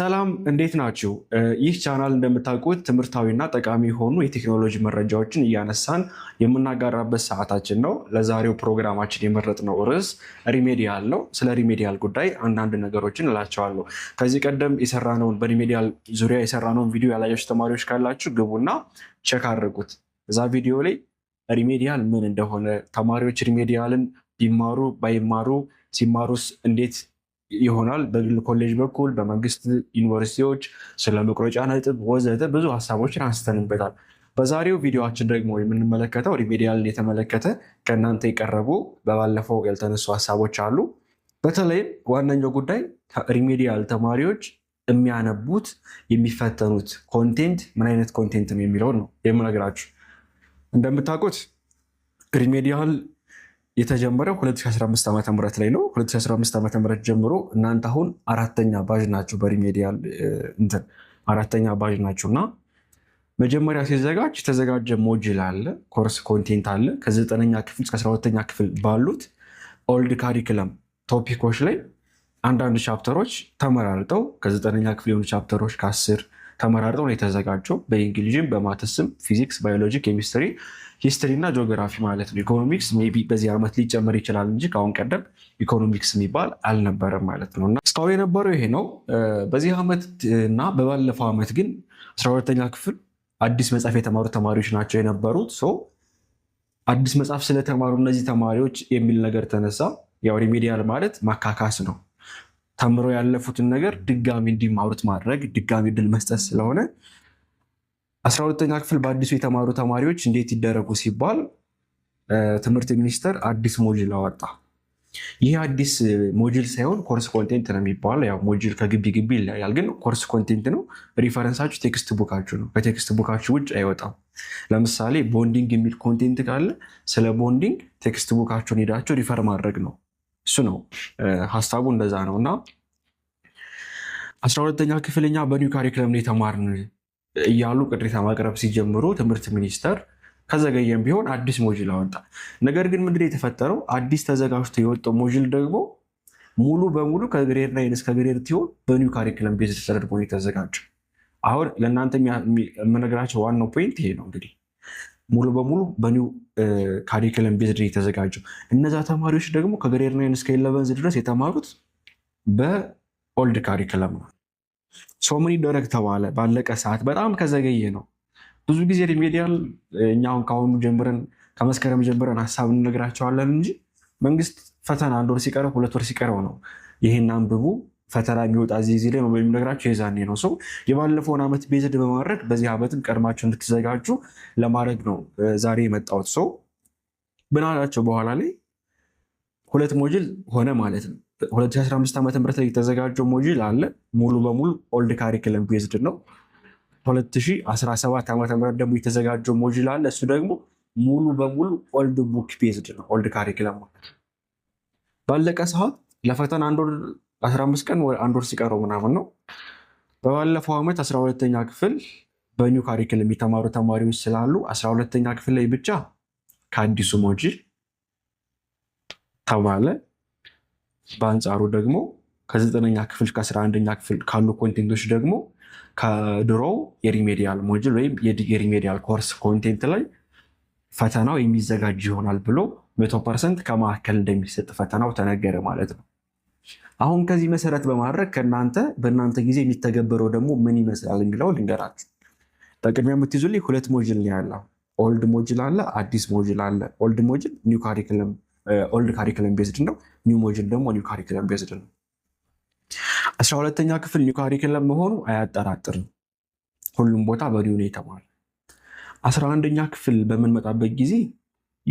ሰላም እንዴት ናችሁ? ይህ ቻናል እንደምታውቁት ትምህርታዊና ጠቃሚ የሆኑ የቴክኖሎጂ መረጃዎችን እያነሳን የምናጋራበት ሰዓታችን ነው። ለዛሬው ፕሮግራማችን የመረጥነው ርዕስ ሪሜዲያል ነው። ስለ ሪሜዲያል ጉዳይ አንዳንድ ነገሮችን እላቸዋለሁ። ከዚህ ቀደም የሰራነውን በሪሜዲያል ዙሪያ የሰራነውን ቪዲዮ ያላያችሁ ተማሪዎች ካላችሁ ግቡና ቼክ አድርጉት። እዛ ቪዲዮ ላይ ሪሜዲያል ምን እንደሆነ ተማሪዎች ሪሜዲያልን ቢማሩ ባይማሩ ሲማሩስ እንዴት ይሆናል። በግል ኮሌጅ በኩል በመንግስት ዩኒቨርሲቲዎች ስለ መቁረጫ ነጥብ ወዘተ ብዙ ሀሳቦችን አንስተንበታል። በዛሬው ቪዲዮችን ደግሞ የምንመለከተው ሪሜዲያልን የተመለከተ ከእናንተ የቀረቡ በባለፈው ያልተነሱ ሀሳቦች አሉ። በተለይም ዋነኛው ጉዳይ ሪሜዲያል ተማሪዎች የሚያነቡት የሚፈተኑት ኮንቴንት ምን አይነት ኮንቴንት ነው የሚለውን ነው የምነግራችሁ። እንደምታውቁት ሪሜዲያል የተጀመረው 2015 ዓ ም ላይ ነው። 2015 ዓ ም ጀምሮ እናንተ አሁን አራተኛ ባዥ ናቸው፣ በሪሜዲያል እንትን አራተኛ ባዥ ናቸው። እና መጀመሪያ ሲዘጋጅ የተዘጋጀ ሞጅል አለ፣ ኮርስ ኮንቴንት አለ። ከዘጠነኛ ክፍል እስከ 12 ክፍል ባሉት ኦልድ ካሪክለም ቶፒኮች ላይ አንዳንድ ቻፕተሮች ተመራርጠው ከዘጠነኛ ክፍል የሆኑ ቻፕተሮች ከአስር ተመራርጠው ነው የተዘጋጀው። በእንግሊዥን በማትስም ፊዚክስ፣ ባዮሎጂ፣ ኬሚስትሪ፣ ሂስትሪ እና ጂኦግራፊ ማለት ነው። ኢኮኖሚክስ ሜይ ቢ በዚህ ዓመት ሊጨመር ይችላል እንጂ ከአሁን ቀደም ኢኮኖሚክስ የሚባል አልነበረም ማለት ነው እና እስካሁን የነበረው ይሄ ነው። በዚህ ዓመት እና በባለፈው ዓመት ግን 12 ሁለተኛ ክፍል አዲስ መጽሐፍ የተማሩ ተማሪዎች ናቸው የነበሩት። ሰው አዲስ መጽሐፍ ስለተማሩ እነዚህ ተማሪዎች የሚል ነገር ተነሳ። ያው ሪሜዲያል ማለት ማካካስ ነው። ተምረው ያለፉትን ነገር ድጋሚ እንዲማሩት ማድረግ ድጋሚ ድል መስጠት ስለሆነ አስራ ሁለተኛ ክፍል በአዲሱ የተማሩ ተማሪዎች እንዴት ይደረጉ ሲባል ትምህርት ሚኒስቴር አዲስ ሞጅል አወጣ። ይህ አዲስ ሞጅል ሳይሆን ኮርስ ኮንቴንት ነው የሚባለው። ያው ሞጅል ከግቢ ግቢ ይለያል፣ ግን ኮርስ ኮንቴንት ነው። ሪፈረንሳችሁ ቴክስት ቡካችሁ ነው። ከቴክስት ቡካችሁ ውጭ አይወጣም። ለምሳሌ ቦንዲንግ የሚል ኮንቴንት ካለ ስለ ቦንዲንግ ቴክስት ቡካችሁን ሄዳችሁ ሪፈር ማድረግ ነው። እሱ ነው ሀሳቡ፣ እንደዛ ነው እና አስራ ሁለተኛ ክፍለኛ በኒው ካሪክለምን የተማርን እያሉ ቅሬታ ማቅረብ ሲጀምሩ ትምህርት ሚኒስቴር ከዘገየም ቢሆን አዲስ ሞጅል አወጣ። ነገር ግን ምንድን የተፈጠረው አዲስ ተዘጋጅቶ የወጣው ሞጅል ደግሞ ሙሉ በሙሉ ከግሬድ ናይን እስከ ግሬድ ሲሆን በኒው ካሪክለም ቤዝ ተደርጎ የተዘጋጀ አሁን ለእናንተ የምነግራቸው ዋናው ፖይንት ይሄ ነው እንግዲህ ሙሉ በሙሉ በኒው ካሪክለም ቤዝድ የተዘጋጀው። እነዛ ተማሪዎች ደግሞ ከግሬድ ናይን እስከ ኢለቨንዝ ድረስ የተማሩት በኦልድ ካሪክለም ነው። ሰው ምን ይደረግ ተባለ፣ ባለቀ ሰዓት በጣም ከዘገየ ነው። ብዙ ጊዜ ሪሜዲያል እኛ አሁን ከአሁኑ ጀምረን ከመስከረም ጀምረን ሀሳብ እንነግራቸዋለን እንጂ መንግስት ፈተና አንድ ወር ሲቀረው ሁለት ወር ሲቀረው ነው ይህን አንብቡ ፈተና የሚወጣ እዚህ ጊዜ ላይ የሚነግራቸው የዛኔ ነው። ሰው የባለፈውን ዓመት ቤዝድ በማድረግ በዚህ ዓመትም ቀድማቸው እንድትዘጋጁ ለማድረግ ነው ዛሬ የመጣሁት። ሰው ብናላቸው በኋላ ላይ ሁለት ሞጅል ሆነ ማለት ነው። 2015 ዓ ም ላይ የተዘጋጀው ሞጅል አለ ሙሉ በሙሉ ኦልድ ካሪክለም ቤዝድ ነው። 2017 ዓ ም ደግሞ የተዘጋጀው ሞጅል አለ እሱ ደግሞ ሙሉ በሙሉ ኦልድ ቡክ ቤዝድ ነው። ኦልድ ካሪክለም ማለት ባለቀ ሰዓት ለፈተና አንድ 15 ቀን አንድ ወር ሲቀረው ምናምን ነው። በባለፈው ዓመት አስራ ተኛ ክፍል በኒው ካሪክል የሚተማሩ ተማሪዎች ስላሉ አስራ ተኛ ክፍል ላይ ብቻ ከአዲሱ ሞጂ ተባለ። በአንጻሩ ደግሞ ከዘጠነኛ ክፍል ከአስራ አንደኛ ክፍል ካሉ ኮንቴንቶች ደግሞ ከድሮው የሪሜዲያል ሞጁል ወይም የሪሜዲያል ኮርስ ኮንቴንት ላይ ፈተናው የሚዘጋጅ ይሆናል ብሎ መቶ ፐርሰንት ከማዕከል እንደሚሰጥ ፈተናው ተነገረ ማለት ነው። አሁን ከዚህ መሰረት በማድረግ ከእናንተ በእናንተ ጊዜ የሚተገበረው ደግሞ ምን ይመስላል የሚለው ልንገራችሁ። በቅድሚያ የምትይዙልኝ ሁለት ሞጅል ያለው። ኦልድ ሞጅል አለ፣ አዲስ ሞጅል አለ። ኦልድ ሞጅል ኒው ካሪክለም ኦልድ ካሪክለም ቤዝድ ነው። ኒው ሞጅል ደግሞ ኒው ካሪክለም ቤዝድ ነው። አስራ ሁለተኛ ክፍል ኒው ካሪክለም መሆኑ አያጠራጥርም። ሁሉም ቦታ በኒው ነው የተማረ። አስራ አንደኛ ክፍል በምንመጣበት ጊዜ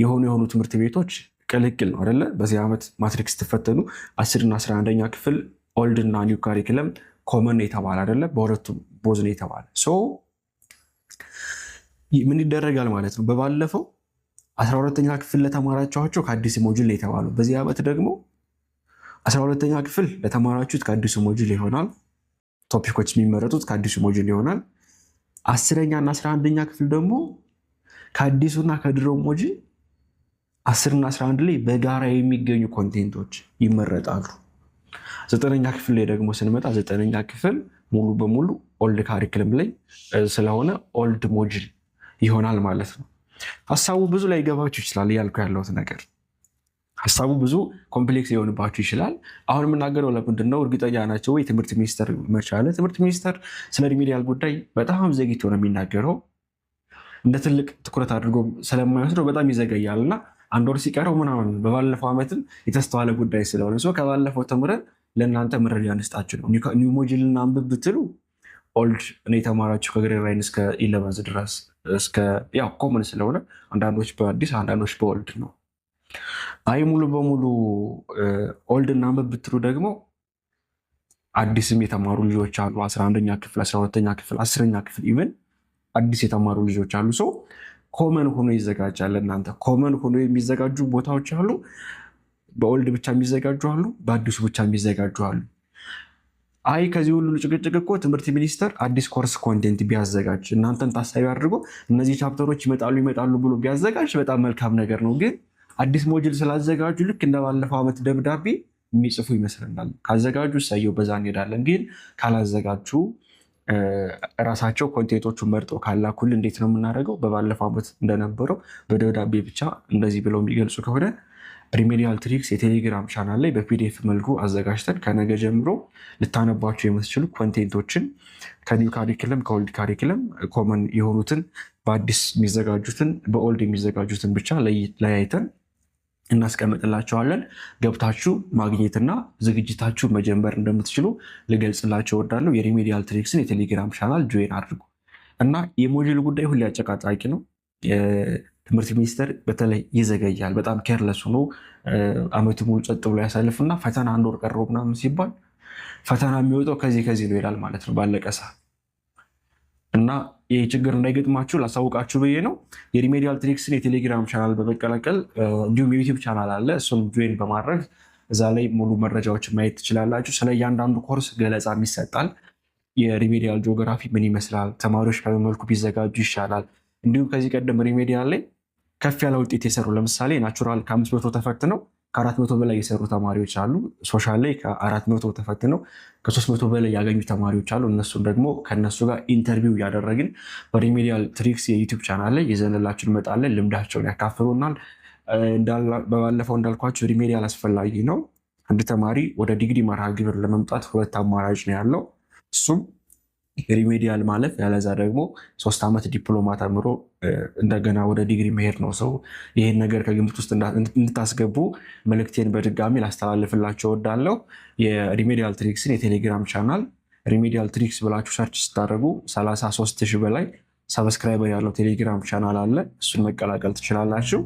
የሆኑ የሆኑ ትምህርት ቤቶች ቅልቅል ነው አይደለ? በዚህ ዓመት ማትሪክስ ስትፈተኑ አስርና አስራ አንደኛ ክፍል ኦልድ እና ኒው ካሪክለም ኮመን የተባለ አደለ? በሁለቱም ቦዝን የተባለ ምን ይደረጋል ማለት ነው። በባለፈው አስራ ሁለተኛ ክፍል ለተማራችኋቸው ከአዲስ ሞጁል የተባለው በዚህ ዓመት ደግሞ አስራ ሁለተኛ ክፍል ለተማራችሁት ከአዲሱ ሞጁል ይሆናል። ቶፒኮች የሚመረጡት ከአዲሱ ሞጁል ይሆናል። አስረኛ እና አስራ አንደኛ ክፍል ደግሞ ከአዲሱና ከድሮ ሞጁል አስርና አስራ አንድ ላይ በጋራ የሚገኙ ኮንቴንቶች ይመረጣሉ። ዘጠነኛ ክፍል ላይ ደግሞ ስንመጣ ዘጠነኛ ክፍል ሙሉ በሙሉ ኦልድ ካሪክልም ላይ ስለሆነ ኦልድ ሞጅል ይሆናል ማለት ነው። ሀሳቡ ብዙ ላይ ገባችሁ ይችላል እያልኩ ያለሁት ነገር ሀሳቡ ብዙ ኮምፕሌክስ ሊሆንባችሁ ይችላል። አሁን የምናገረው ለምንድን ነው? እርግጠኛ ናቸው ወይ ትምህርት ሚኒስተር መቻለ ትምህርት ሚኒስተር ስለ ሪሚዲያል ጉዳይ በጣም ዘግይቶ ነው የሚናገረው። እንደ ትልቅ ትኩረት አድርጎ ስለማይወስደው በጣም ይዘገያል እና አንድ ወር ሲቀረው ምናምን በባለፈው ዓመትም የተስተዋለ ጉዳይ ስለሆነ ሰው ከባለፈው ተምረን ለእናንተ መረጃ እንስጣችሁ ነው። ኒው ሞጅል አንብብ ብትሉ ኦልድ እኔ የተማራችሁ ከግሬድ ናይን እስከ ኢለቨንስ ድረስ እስከ ያው ኮመን ስለሆነ አንዳንዶች በአዲስ አንዳንዶች በኦልድ ነው። አይ ሙሉ በሙሉ ኦልድ እና ብትሉ ደግሞ አዲስም የተማሩ ልጆች አሉ። አስራ አንደኛ ክፍል፣ አስራ ሁለተኛ ክፍል፣ አስረኛ ክፍል ኢቨን አዲስ የተማሩ ልጆች አሉ ሰው ኮመን ሆኖ ይዘጋጃል። እናንተ ኮመን ሆኖ የሚዘጋጁ ቦታዎች አሉ። በኦልድ ብቻ የሚዘጋጁ አሉ፣ በአዲሱ ብቻ የሚዘጋጁ አሉ። አይ ከዚህ ሁሉ ጭቅጭቅ እኮ ትምህርት ሚኒስቴር አዲስ ኮርስ ኮንቴንት ቢያዘጋጅ እናንተን ታሳቢ አድርጎ እነዚህ ቻፕተሮች ይመጣሉ ይመጣሉ ብሎ ቢያዘጋጅ በጣም መልካም ነገር ነው። ግን አዲስ ሞጅል ስላዘጋጁ ልክ እንደ ባለፈው ዓመት ደብዳቤ የሚጽፉ ይመስለናል። ካዘጋጁ ሰየው በዛ እንሄዳለን። ግን ካላዘጋጁ ራሳቸው ኮንቴንቶቹን መርጦ ካላኩል እንዴት ነው የምናደርገው? በባለፈው ዓመት እንደነበረው በደብዳቤ ብቻ እንደዚህ ብለው የሚገልጹ ከሆነ ሪሜዲያል ትሪክስ የቴሌግራም ቻናል ላይ በፒዲኤፍ መልኩ አዘጋጅተን ከነገ ጀምሮ ልታነባቸው የምትችሉ ኮንቴንቶችን ከኒው ካሪክለም ከኦልድ ካሪክለም ኮመን የሆኑትን በአዲስ የሚዘጋጁትን በኦልድ የሚዘጋጁትን ብቻ ለያይተን እናስቀምጥላቸዋለን ገብታችሁ ማግኘትና ዝግጅታችሁ መጀመር እንደምትችሉ ልገልጽላቸው እወዳለሁ። የሪሜዲያል ትሪክስን የቴሌግራም ቻናል ጆይን አድርጉ እና የሞጁል ጉዳይ ሁሌ አጨቃጫቂ ነው። ትምህርት ሚኒስቴር በተለይ ይዘገያል። በጣም ኬርለስ ሆኖ አመቱ ሙሉ ጸጥ ብሎ ያሳልፍና ፈተና አንድ ወር ቀረው ምናምን ሲባል ፈተና የሚወጣው ከዚህ ከዚህ ነው ይላል ማለት ነው ባለቀ ሰዓት እና ይህ ችግር እንዳይገጥማችሁ ላሳውቃችሁ ብዬ ነው። የሪሜዲያል ትሪክስን የቴሌግራም ቻናል በመቀላቀል እንዲሁም የዩቲዩብ ቻናል አለ። እሱም ጆይን በማድረግ እዛ ላይ ሙሉ መረጃዎችን ማየት ትችላላችሁ። ስለ እያንዳንዱ ኮርስ ገለጻም ይሰጣል። የሪሜዲያል ጂኦግራፊ ምን ይመስላል፣ ተማሪዎች በምን መልኩ ቢዘጋጁ ይሻላል፣ እንዲሁም ከዚህ ቀደም ሪሜዲያል ላይ ከፍ ያለ ውጤት የሰሩ ለምሳሌ ናቹራል ከአምስት መቶ ተፈትነው ከአራት መቶ በላይ የሰሩ ተማሪዎች አሉ። ሶሻል ላይ ከአራት መቶ ተፈትነው ከሶስት መቶ በላይ ያገኙ ተማሪዎች አሉ። እነሱን ደግሞ ከነሱ ጋር ኢንተርቪው እያደረግን በሪሜዲያል ትሪክስ የዩቲዩብ ቻናል ላይ የዘንላችን እንመጣለን። ልምዳቸውን ያካፍሉናል። በባለፈው እንዳልኳቸው ሪሜዲያል አስፈላጊ ነው። አንድ ተማሪ ወደ ዲግሪ መርሃ ግብር ለመምጣት ሁለት አማራጭ ነው ያለው እሱም ሪሜዲያል ማለፍ ያለዛ ደግሞ ሶስት ዓመት ዲፕሎማ ተምሮ እንደገና ወደ ዲግሪ መሄድ ነው። ሰው ይህን ነገር ከግምት ውስጥ እንድታስገቡ መልእክቴን በድጋሚ ላስተላልፍላቸው ወዳለው የሪሜዲያል ትሪክስን የቴሌግራም ቻናል ሪሜዲያል ትሪክስ ብላችሁ ሰርች ስታደርጉ 33 ሺህ በላይ ሰብስክራይበር ያለው ቴሌግራም ቻናል አለ። እሱን መቀላቀል ትችላላችሁ።